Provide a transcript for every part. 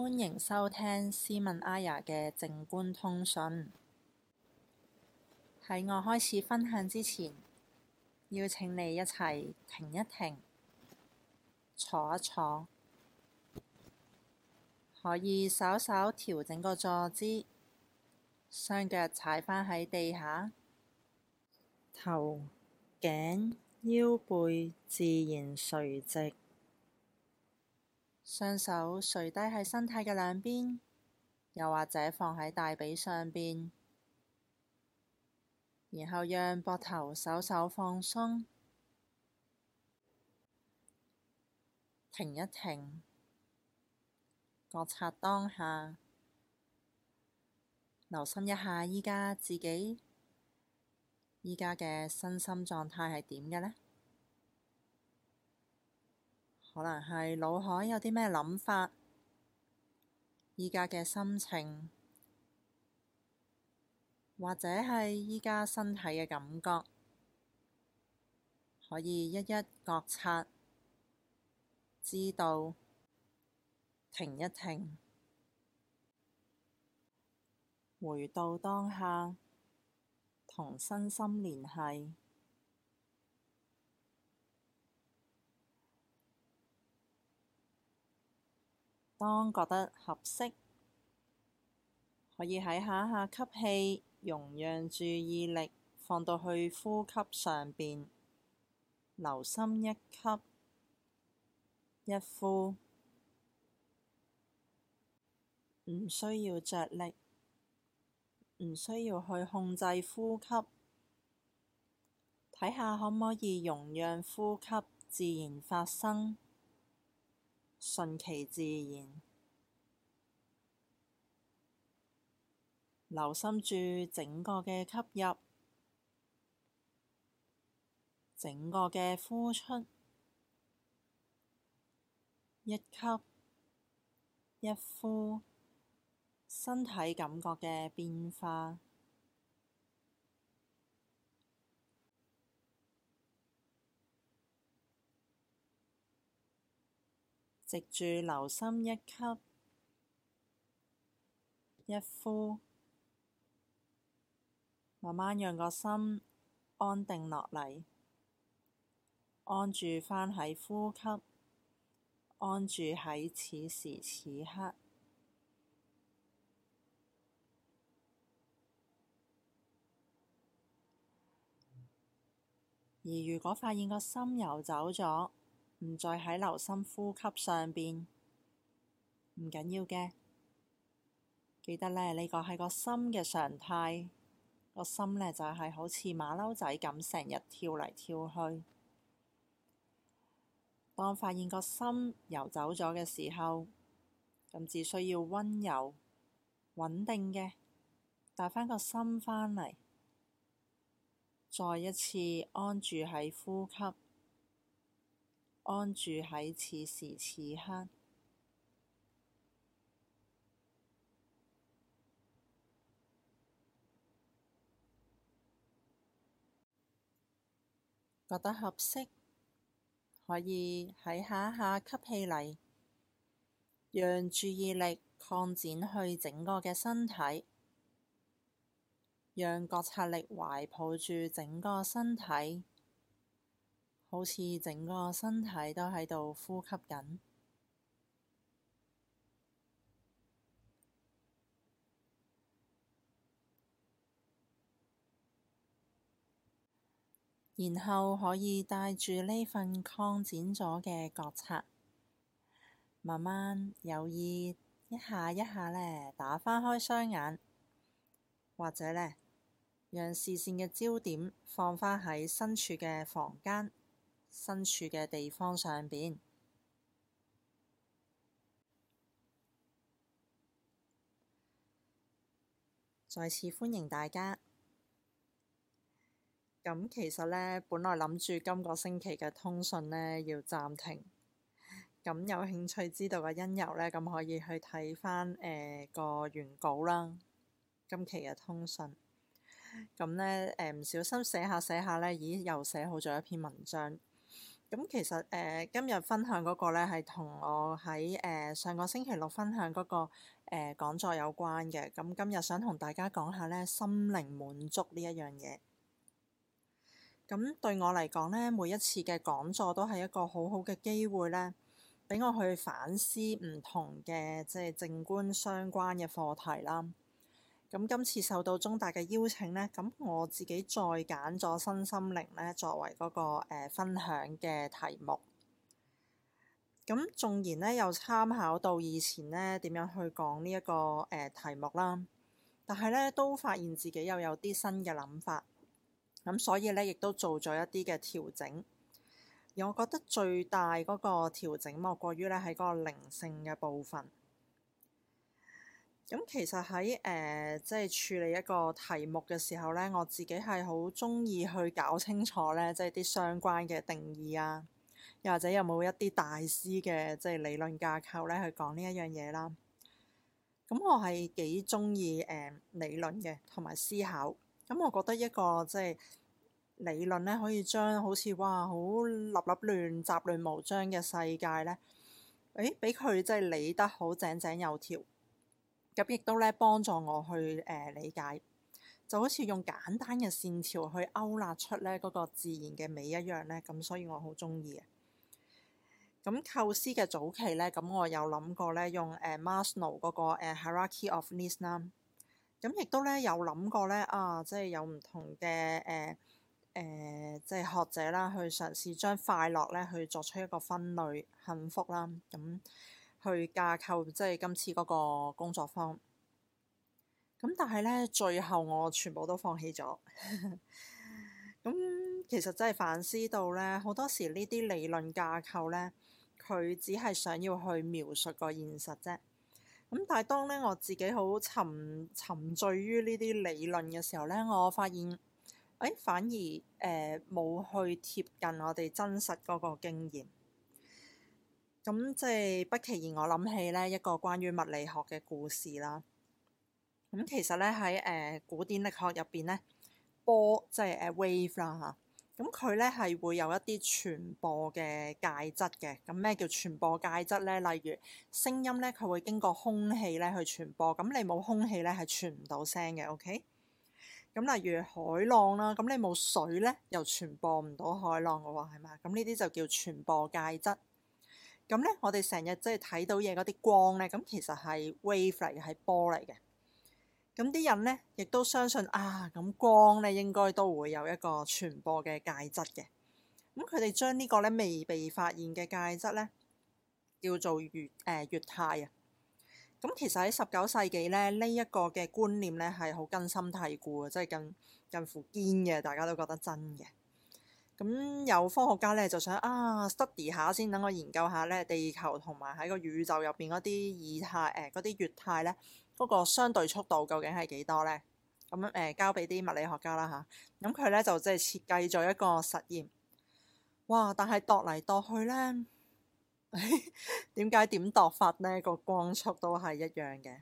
歡迎收聽斯文阿雅嘅靜觀通訊。喺我開始分享之前，邀請你一齊停一停，坐一坐，可以稍稍調整個坐姿，雙腳踩返喺地下，頭頸腰背自然垂直。雙手垂低喺身體嘅兩邊，又或者放喺大髀上邊，然後讓膊頭稍稍放鬆，停一停，覺察當下，留心一下依家自己依家嘅身心狀態係點嘅呢？可能係腦海有啲咩諗法，依家嘅心情，或者係依家身體嘅感覺，可以一一覺察，知道，停一停，回到當下，同身心聯繫。當覺得合適，可以喺下下吸氣，容讓注意力放到去呼吸上邊，留心一吸一呼，唔需要着力，唔需要去控制呼吸，睇下可唔可以容讓呼吸自然發生。順其自然，留心住整個嘅吸入，整個嘅呼出，一吸一呼，身體感覺嘅變化。藉住留心一吸一呼，慢慢讓個心安定落嚟，安住返喺呼吸，安住喺此時此刻。而如果發現個心游走咗，唔再喺留心呼吸上邊，唔緊要嘅。記得呢，呢個係個心嘅常態，個心呢就係好似馬騮仔咁成日跳嚟跳去。當發現個心游走咗嘅時候，噉只需要溫柔穩定嘅帶翻個心翻嚟，再一次安住喺呼吸。安住喺此時此刻。覺得合適，可以喺下下吸氣嚟，讓注意力擴展去整個嘅身體，讓覺察力懷抱住整個身體。好似整個身體都喺度呼吸緊，然後可以帶住呢份擴展咗嘅覺察，慢慢有意一下一下呢打翻開雙眼，或者呢讓視線嘅焦點放返喺身處嘅房間。身處嘅地方上邊，再次歡迎大家。咁其實呢，本來諗住今個星期嘅通訊呢要暫停，咁有興趣知道嘅因由呢，咁可以去睇翻誒個原稿啦。今期嘅通訊，咁呢，誒、呃、唔小心寫下寫下，寫下呢，咦又寫好咗一篇文章。咁其實誒、呃、今日分享嗰個咧，係同我喺誒、呃、上個星期六分享嗰、嗰個誒、呃、講座有關嘅。咁今日想同大家講下咧，心靈滿足呢一樣嘢。咁對我嚟講咧，每一次嘅講座都係一個好好嘅機會咧，俾我去反思唔同嘅即係靜觀相關嘅課題啦。咁今次受到中大嘅邀請呢，咁我自己再揀咗身心靈呢作為嗰、那個、呃、分享嘅題目。咁縱然呢，又參考到以前呢點樣去講呢一個誒、呃、題目啦，但係呢都發現自己又有啲新嘅諗法。咁所以呢，亦都做咗一啲嘅調整。而我覺得最大嗰個調整，莫過於呢喺嗰個靈性嘅部分。咁其實喺誒、呃，即係處理一個題目嘅時候呢，我自己係好中意去搞清楚呢，即係啲相關嘅定義啊，又或者有冇一啲大師嘅即係理論架構呢去講呢一樣嘢啦。咁、嗯、我係幾中意誒理論嘅，同埋思考。咁、嗯、我覺得一個即係理論呢，可以將好似哇好立立亂雜亂無章嘅世界呢，誒俾佢即係理得好井井有條。咁亦都咧幫助我去誒、呃、理解，就好似用簡單嘅線條去勾勒出咧嗰個自然嘅美一樣咧，咁所以我好中意嘅。咁構思嘅早期咧，咁我有諗過咧用誒 Maslow 嗰個，呃、Hierarchy of Needs 啦，咁亦都咧有諗過咧啊，即係有唔同嘅誒誒，即係學者啦去嘗試將快樂咧去作出一個分類，幸福啦咁。去架構，即係今次嗰個工作坊。咁但係呢，最後我全部都放棄咗。咁 其實真係反思到呢，好多時呢啲理論架構呢，佢只係想要去描述個現實啫。咁但係當呢，我自己好沉沉醉於呢啲理論嘅時候呢，我發現誒、哎、反而誒冇、呃、去貼近我哋真實嗰個經驗。咁即係不其然，我諗起咧一個關於物理學嘅故事啦。咁其實咧喺誒古典力學入邊咧波即係、就是、wave 啦嚇。咁佢咧係會有一啲傳播嘅介質嘅。咁咩叫傳播介質咧？例如聲音咧，佢會經過空氣咧去傳播。咁你冇空氣咧係傳唔到聲嘅。OK。咁例如海浪啦，咁你冇水咧又傳播唔到海浪嘅喎，係嘛？咁呢啲就叫傳播介質。咁咧，我哋成日即係睇到嘢嗰啲光咧，咁其實係 wave 嚟嘅，係波嚟嘅。咁啲人咧，亦都相信啊，咁光咧應該都會有一個傳播嘅介質嘅。咁佢哋將呢個咧未被發現嘅介質咧，叫做以誒、呃、以太啊。咁其實喺十九世紀咧，呢一個嘅觀念咧係好根深蒂固啊，即係近近乎堅嘅，大家都覺得真嘅。咁有科學家咧就想啊 study 下先，等我研究下咧地球同埋喺個宇宙入邊嗰啲以太誒嗰啲月態咧，嗰、嗰個相對速度究竟係幾多咧？咁誒、呃、交俾啲物理學家啦嚇，咁佢咧就即係設計咗一個實驗，哇！但係度嚟度去咧，點解點度法咧，個光速都係一樣嘅？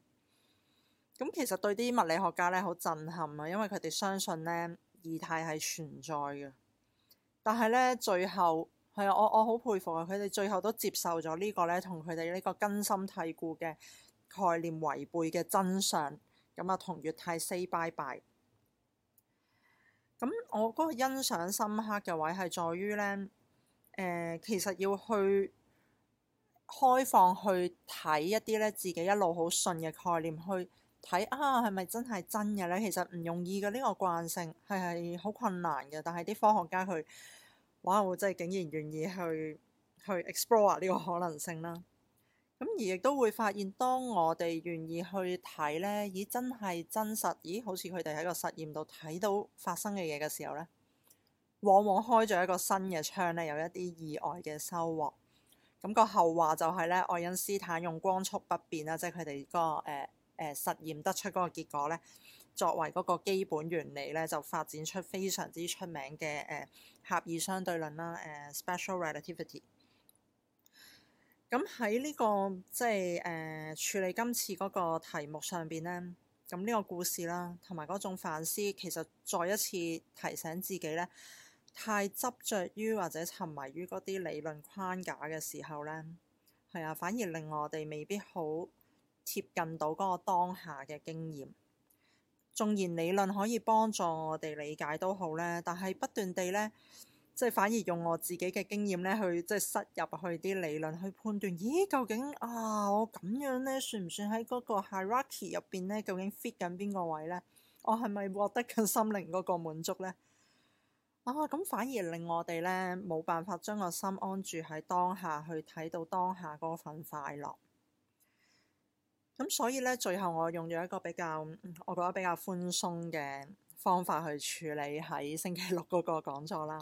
咁其實對啲物理學家咧好震撼啊，因為佢哋相信咧以太係存在嘅。但係咧，最後係我我好佩服啊！佢哋最後都接受咗呢個咧，同佢哋呢個根深蒂固嘅概念違背嘅真相，咁啊同月太 say bye bye。咁我嗰個欣賞深刻嘅位係在於咧，誒、呃、其實要去開放去睇一啲咧自己一路好信嘅概念去。睇啊，係咪真係真嘅呢？其實唔容易嘅呢、呢個慣性係係好困難嘅。但係啲科學家佢哇，我真係竟然願意去去 explore 呢個可能性啦。咁而亦都會發現，當我哋願意去睇呢，咦，真係真實？咦，好似佢哋喺個實驗度睇到發生嘅嘢嘅時候呢，往往開咗一個新嘅窗呢，有一啲意外嘅收穫。咁、個後話就係、是、呢，愛因斯坦用光速不變啦，即係佢哋個誒。呃誒、呃、實驗得出嗰個結果咧，作為嗰個基本原理咧，就發展出非常之出名嘅誒狹義相對論啦。誒、呃、Special Relativity。咁喺呢個即係誒、呃、處理今次嗰個題目上邊咧，咁呢個故事啦，同埋嗰種反思，其實再一次提醒自己咧，太執着於或者沉迷於嗰啲理論框架嘅時候咧，係啊，反而令我哋未必好貼近到嗰個當下嘅經驗，縱然理論可以幫助我哋理解都好咧，但係不斷地呢，即係反而用我自己嘅經驗呢去即係塞入去啲理論去判斷，咦？究竟啊，我咁樣呢？算唔算喺嗰個 hierarchy 入邊呢？究竟 fit 緊邊個位呢？我係咪獲得緊心靈嗰個滿足呢？」啊，咁反而令我哋呢，冇辦法將個心安住喺當下去睇到當下嗰份快樂。咁所以咧，最後我用咗一個比較，我覺得比較寬鬆嘅方法去處理喺星期六嗰個講座啦。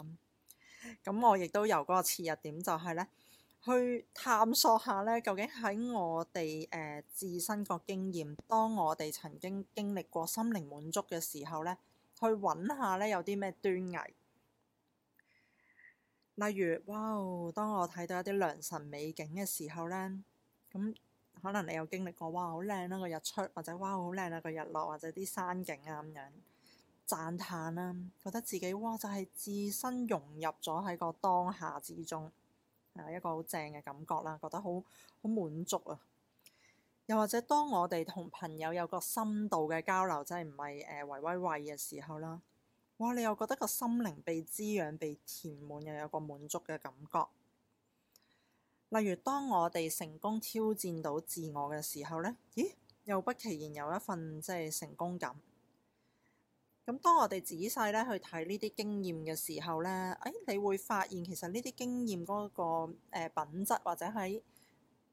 咁、嗯、我亦都由嗰個切入點就係咧，去探索下咧，究竟喺我哋誒、呃、自身個經驗，當我哋曾經經歷過心靈滿足嘅時候咧，去揾下咧，有啲咩端倪，例如哇哦，當我睇到一啲良辰美景嘅時候咧，咁、嗯。可能你有經歷過，哇好靚啦個日出，或者哇好靚啦個日落，或者啲山景啊咁樣讚歎啦，覺得自己哇就係、是、自身融入咗喺個當下之中，一個好正嘅感覺啦，覺得好好滿足啊。又或者當我哋同朋友有個深度嘅交流，真係唔係誒維維維嘅時候啦，哇、呃、你又覺得個心靈被滋養、被填滿，又有一個滿足嘅感覺。例如當我哋成功挑戰到自我嘅時候呢咦，又不期然有一份即係成功感。咁當我哋仔細咧去睇呢啲經驗嘅時候呢誒，你會發現其實呢啲經驗嗰個誒品質或者喺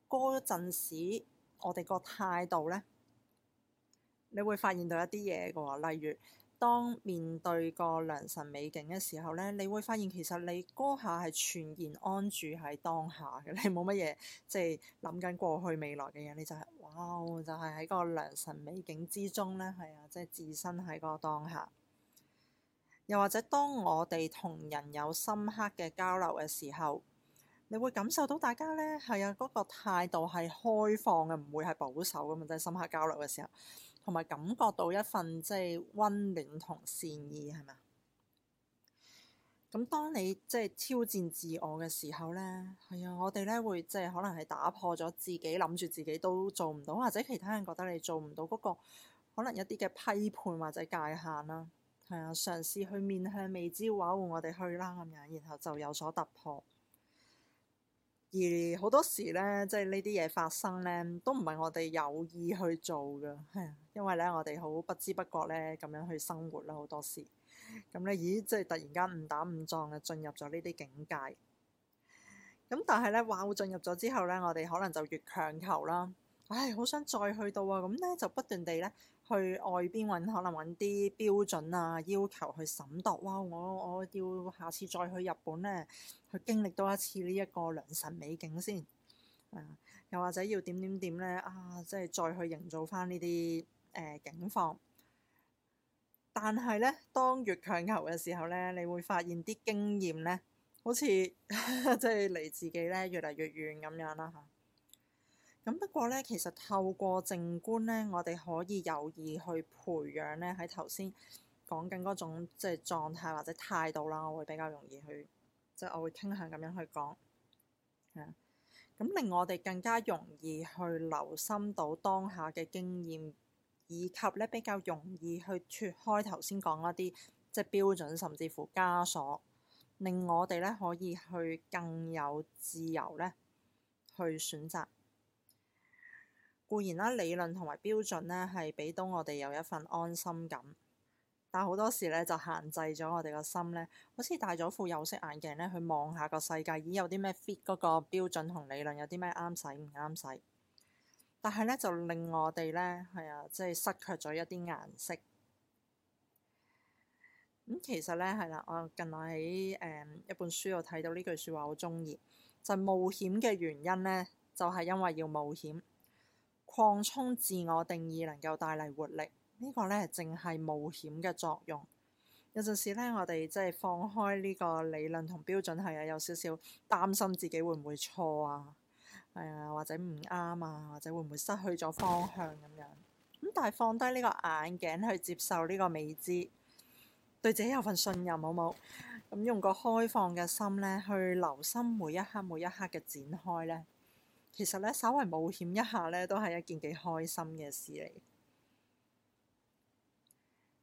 嗰陣時我哋個態度呢，你會發現到一啲嘢噶，例如。當面對個良辰美景嘅時候呢，你會發現其實你嗰下係全然安住喺當下嘅，你冇乜嘢即係諗緊過去未來嘅嘢，你就係哇，就係喺個良辰美景之中呢，係啊，即係置身喺個當下。又或者當我哋同人有深刻嘅交流嘅時候，你會感受到大家呢，係啊，嗰個態度係開放嘅，唔會係保守咁啊，即係深刻交流嘅時候。同埋感覺到一份即係溫暖同善意係咪啊？咁當你即係挑戰自我嘅時候呢，係啊，我哋呢會即係可能係打破咗自己諗住自己都做唔到，或者其他人覺得你做唔到嗰個，可能一啲嘅批判或者界限啦，係啊，嘗試去面向未知嘅話，換我哋去啦咁樣，然後就有所突破。而好多時咧，即係呢啲嘢發生咧，都唔係我哋有意去做㗎，係因為咧我哋好不知不覺咧咁樣去生活啦，好多時咁咧，咦，即係突然間誤打誤撞嘅進入咗呢啲境界。咁但係咧，哇！進入咗之後咧，我哋可能就越強求啦，唉，好想再去到啊，咁咧就不斷地咧。去外邊揾可能揾啲標準啊，要求去審度。哇！我我要下次再去日本咧，去經歷多一次呢一個良辰美景先，啊。又或者要點點點咧啊，即係再去營造返呢啲誒境況。但係咧，當越強求嘅時候咧，你會發現啲經驗咧，好似 即係離自己咧越嚟越遠咁樣啦。咁不過咧，其實透過靜觀咧，我哋可以有意去培養咧，喺頭先講緊嗰種即係狀態或者態度啦。我會比較容易去，即係我會傾向咁樣去講，係啊。咁令我哋更加容易去留心到當下嘅經驗，以及咧比較容易去脫開頭先講一啲即係標準甚至乎枷鎖，令我哋咧可以去更有自由咧去選擇。固然啦，理論同埋標準呢，係俾到我哋有一份安心感，但好多時呢，就限制咗我哋個心呢。好似戴咗副有色眼鏡呢，去望下個世界，咦？有啲咩 fit 嗰個標準同理論，有啲咩啱使唔啱使？但係呢，就令我哋呢，係啊，即係失卻咗一啲顏色。咁其實呢，係啦，我近來喺誒一本書度睇到呢句説話，好中意，就係冒險嘅原因呢，就係因為要冒險。擴充自我定義能夠帶嚟活力，呢、這個呢，淨係冒險嘅作用。有陣時呢，我哋即係放開呢個理論同標準，係啊，有少少擔心自己會唔會錯啊，係、哎、啊，或者唔啱啊，或者會唔會失去咗方向咁樣咁。但係放低呢個眼鏡去接受呢個未知，對自己有份信任，好冇？咁、嗯，用個開放嘅心呢，去留心每一刻每一刻嘅展開呢。其實咧，稍為冒險一下咧，都係一件幾開心嘅事嚟。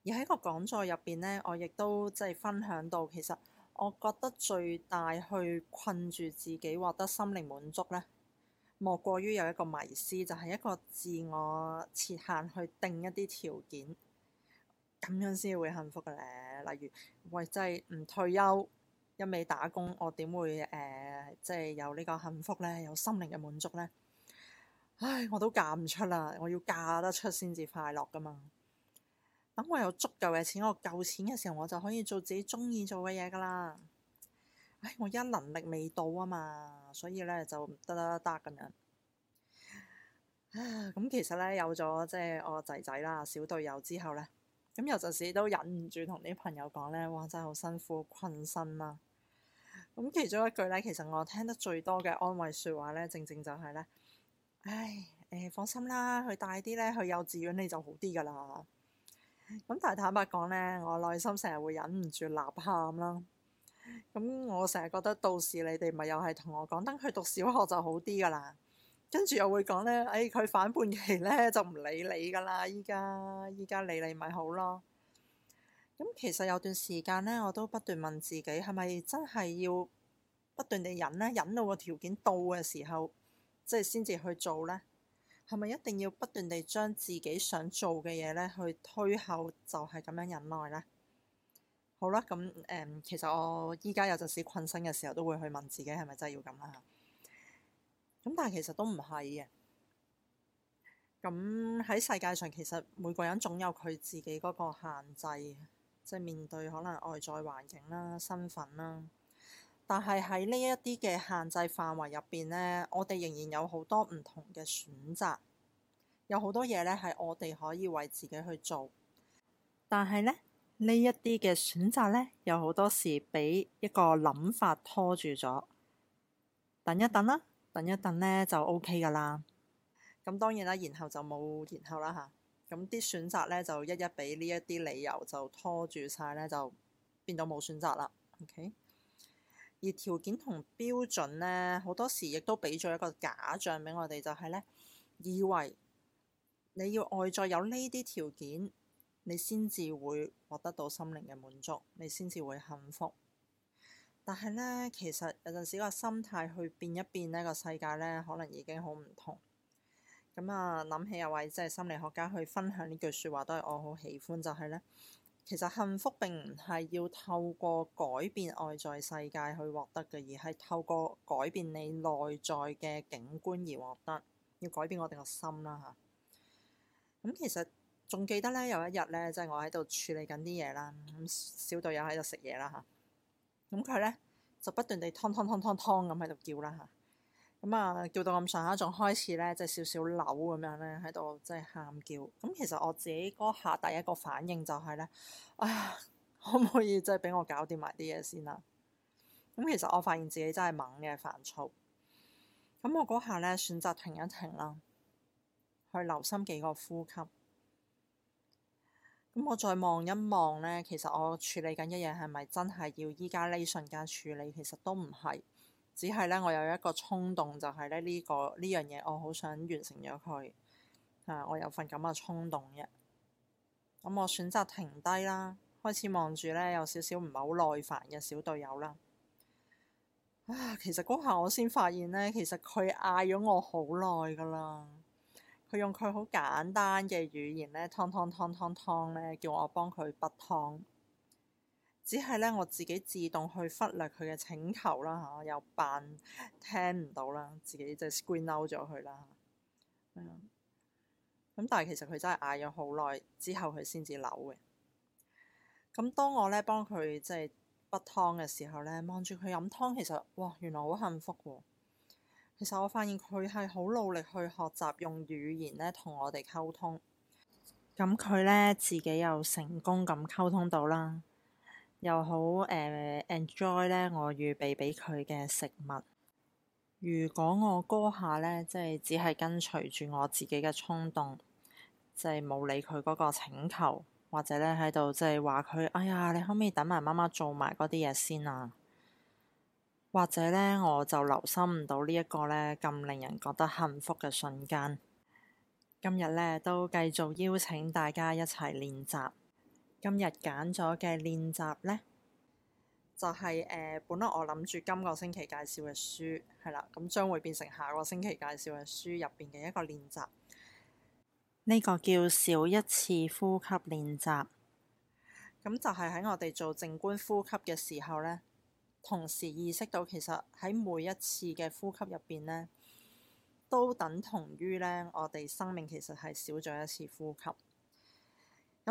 而喺個講座入邊咧，我亦都即係分享到，其實我覺得最大去困住自己獲得心靈滿足咧，莫過於有一個迷思，就係、是、一個自我設限去定一啲條件，咁樣先會幸福嘅咧。例如為即係唔退休，一味打工，我點會誒、呃，即係有呢個幸福呢？有心靈嘅滿足呢？唉，我都嫁唔出啦。我要嫁得出先至快樂㗎嘛。等我有足夠嘅錢，我夠錢嘅時候，我就可以做自己中意做嘅嘢㗎啦。唉，我而家能力未到啊嘛，所以呢，就得得得得咁樣。咁其實呢，有咗即係我仔仔啦，小隊友之後呢，咁有陣時都忍唔住同啲朋友講呢：「哇！真係好辛苦，困身啦～」咁其中一句咧，其實我聽得最多嘅安慰說話咧，正正就係、是、咧，唉，誒，放心啦，去大啲咧，去幼稚園你就好啲噶啦。咁但係坦白講咧，我內心成日會忍唔住吶喊啦。咁我成日覺得到時你哋咪又係同我講，等佢讀小學就好啲噶啦。跟住又會講咧，誒、哎，佢反叛期咧就唔理你噶啦，依家依家理你咪好咯。咁其實有段時間咧，我都不斷問自己，係咪真係要不斷地忍呢？忍到個條件到嘅時候，即係先至去做呢？係咪一定要不斷地將自己想做嘅嘢咧去推後，就係咁樣忍耐呢？好啦，咁、嗯、誒，其實我依家有陣時困身嘅時候，都會去問自己，係咪真係要咁啦？咁但係其實都唔係嘅。咁喺世界上，其實每個人總有佢自己嗰個限制。即係面對可能外在環境啦、身份啦，但係喺呢一啲嘅限制範圍入邊呢，我哋仍然有好多唔同嘅選擇，有好多嘢呢係我哋可以為自己去做。但係呢，呢一啲嘅選擇呢，有好多時俾一個諗法拖住咗，等一等啦，等一等呢，OK，就 OK 噶啦。咁當然啦，然後就冇然後啦吓。咁啲選擇咧就一一俾呢一啲理由就拖住晒咧，就變到冇選擇啦。OK，而條件同標準咧，好多時亦都俾咗一個假象俾我哋，就係咧，以為你要外在有呢啲條件，你先至會獲得到心靈嘅滿足，你先至會幸福。但係咧，其實有陣時個心態去變一變，呢個世界咧可能已經好唔同。咁啊，諗、嗯、起有位即係心理學家去分享呢句說話，都係我好喜歡，就係、是、咧，其實幸福並唔係要透過改變外在世界去獲得嘅，而係透過改變你內在嘅景觀而獲得。要改變我哋個心啦吓。咁、嗯、其實仲記得咧，有一日咧，即、就、係、是、我喺度處理緊啲嘢啦，咁小隊友喺度食嘢啦吓，咁佢咧就不斷地湯湯湯湯湯咁喺度叫啦吓。咁啊、嗯，叫到咁上下，仲開始咧，即係少少扭咁樣咧，喺度即係喊叫。咁其實我自己嗰下第一個反應就係、是、咧，唉，可唔可以即係俾我搞掂埋啲嘢先啦？咁其實我發現自己真係猛嘅煩躁。咁我嗰下咧選擇停一停啦，去留心幾個呼吸。咁我再望一望咧，其實我處理緊一嘢係咪真係要依家呢瞬間處理？其實都唔係。只係咧，我有一個衝動，就係咧呢個呢樣嘢，這個、我好想完成咗佢。啊，我有份咁嘅衝動嘅。咁、啊、我選擇停低啦，開始望住咧有少少唔係好耐煩嘅小隊友啦。啊，其實嗰下我先發現咧，其實佢嗌咗我好耐㗎喇。佢用佢好簡單嘅語言咧，湯湯湯湯湯咧，叫我幫佢煲湯。只係咧，我自己自動去忽略佢嘅請求啦，吓、啊、又扮聽唔到啦，自己就 screen out 咗佢啦。咁、啊嗯、但係其實佢真係嗌咗好耐之後，佢先至扭嘅。咁當我咧幫佢即係骨湯嘅時候咧，望住佢飲湯，其實哇，原來好幸福，啊。其實我發現佢係好努力去學習用語言咧同我哋溝通。咁佢咧自己又成功咁溝通到啦。又好，誒、uh, enjoy 咧，我預備俾佢嘅食物。如果我割下咧，即係只係跟隨住我自己嘅衝動，即係冇理佢嗰個請求，或者咧喺度即係話佢，哎呀，你可唔可以等埋媽媽做埋嗰啲嘢先啊？或者咧，我就留心唔到呢一個咧咁令人覺得幸福嘅瞬間。今日咧都繼續邀請大家一齊練習。今日揀咗嘅練習呢，就係、是、誒、呃，本來我諗住今個星期介紹嘅書，係啦，咁將會變成下個星期介紹嘅書入邊嘅一個練習。呢個叫少一次呼吸練習，咁就係喺我哋做靜觀呼吸嘅時候呢，同時意識到其實喺每一次嘅呼吸入邊呢，都等同於呢，我哋生命其實係少咗一次呼吸。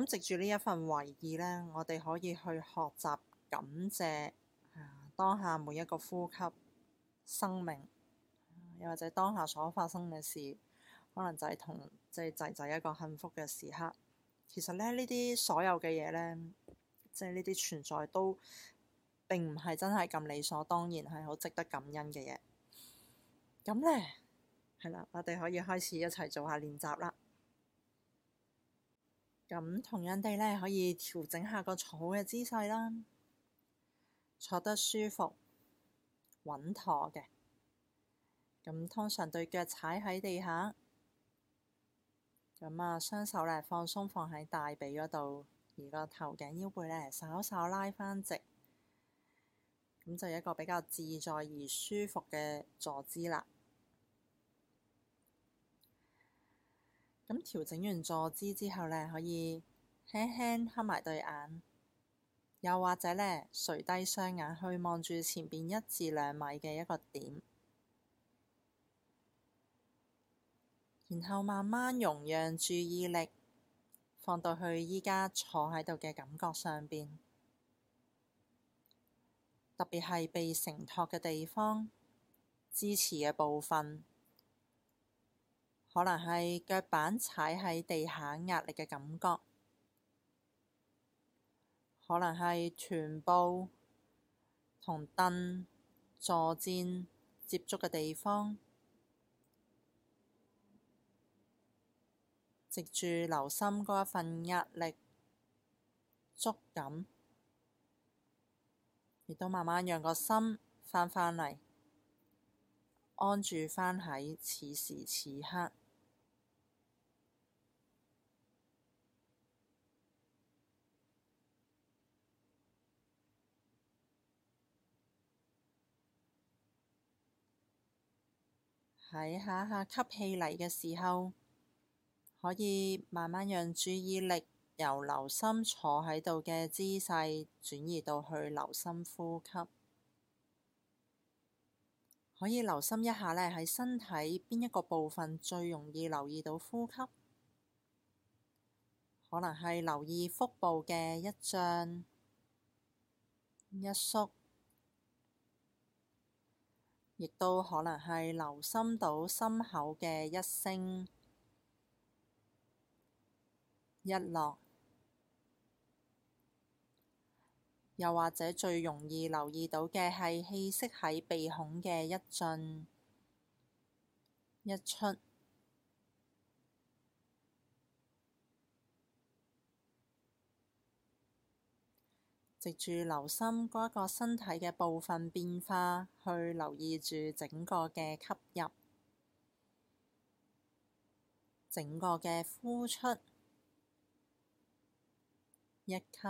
咁藉住呢一份為意呢，我哋可以去學習感謝、啊、當下每一個呼吸、生命，啊、又或者當下所發生嘅事，可能就係同即係就係、係、一個幸福嘅時刻。其實呢，呢啲所有嘅嘢呢，即係呢啲存在都並唔係真係咁理所當然，係好值得感恩嘅嘢。咁呢，係啦，我哋可以開始一齊做下練習啦。咁同樣地呢，可以調整下個坐嘅姿勢啦，坐得舒服穩妥嘅。咁通常對腳踩喺地下，咁啊雙手呢，放鬆放喺大髀嗰度，而個頭頸腰背呢，稍稍拉返直，咁就一個比較自在而舒服嘅坐姿啦。咁調整完坐姿之後呢，可以輕輕合埋對眼，又或者呢，垂低雙眼去望住前面一至兩米嘅一個點，然後慢慢容讓注意力放到去依家坐喺度嘅感覺上邊，特別係被承托嘅地方、支持嘅部分。可能係腳板踩喺地下壓力嘅感覺，可能係臀部同凳坐墊接觸嘅地方，藉住留心嗰一份壓力觸感，亦都慢慢讓個心翻返嚟。安住返喺此時此刻，喺下下吸氣嚟嘅時候，可以慢慢讓注意力由留心坐喺度嘅姿勢轉移到去留心呼吸。可以留心一下呢，喺身體邊一個部分最容易留意到呼吸？可能係留意腹部嘅一脹一縮，亦都可能係留心到心口嘅一升一落。又或者最容易留意到嘅係氣息喺鼻孔嘅一進一出，藉住留心嗰個身體嘅部分變化，去留意住整個嘅吸入、整個嘅呼出、一吸，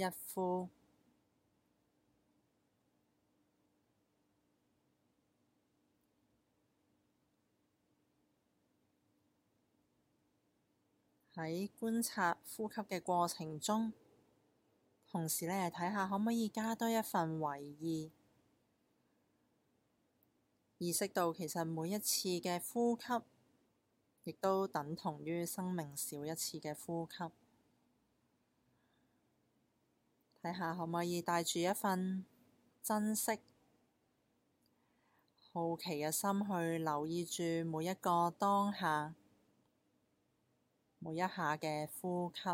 一呼，喺觀察呼吸嘅過程中，同時呢係睇下可唔可以加多一份維意，意識到，其實每一次嘅呼吸，亦都等同於生命少一次嘅呼吸。睇下可唔可以帶住一份珍惜、好奇嘅心去留意住每一個當下、每一下嘅呼吸。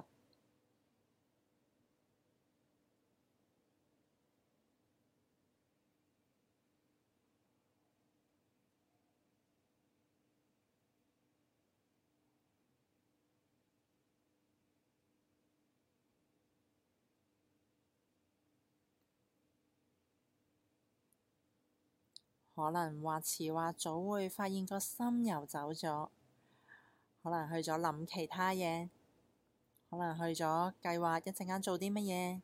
可能或遲或早會發現個心游走咗，可能去咗諗其他嘢，可能去咗計劃一陣間做啲乜嘢，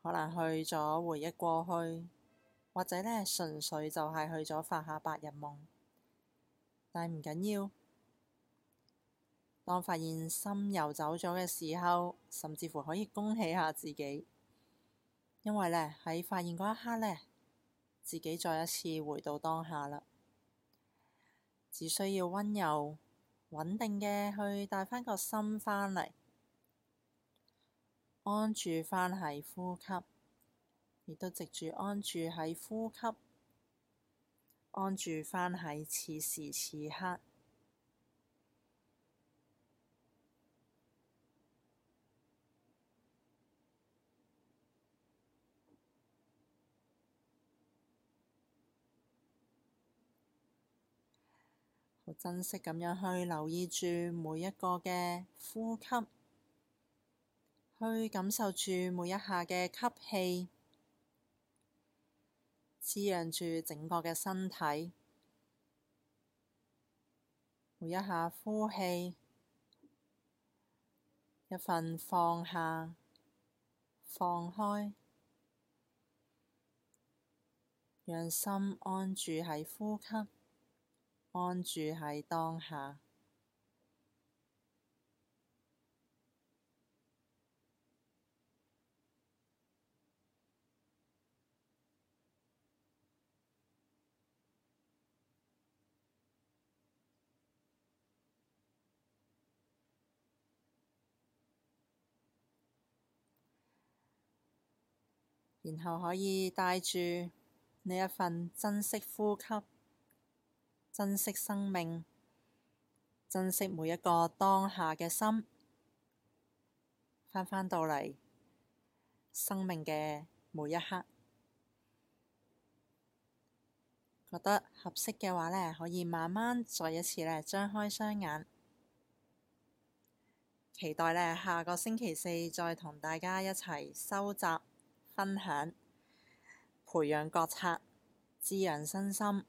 可能去咗回憶過去，或者呢純粹就係去咗發下白日夢。但唔緊要，當發現心游走咗嘅時候，甚至乎可以恭喜下自己，因為呢，喺發現嗰一刻呢，自己再一次回到當下啦，只需要溫柔穩定嘅去帶翻個心翻嚟，安住翻喺呼吸，亦都藉住安住喺呼吸，安住翻喺此時此刻。珍惜咁樣去留意住每一個嘅呼吸，去感受住每一下嘅吸氣，滋養住整個嘅身體。每一下呼氣，一份放下、放開，讓心安住喺呼吸。安住喺當下，然後可以帶住呢一份珍惜呼吸。珍惜生命，珍惜每一個當下嘅心，翻返到嚟生命嘅每一刻，覺得合適嘅話呢，可以慢慢再一次呢，張開雙眼，期待呢下個星期四再同大家一齊收集分享，培養覺察，滋養身心。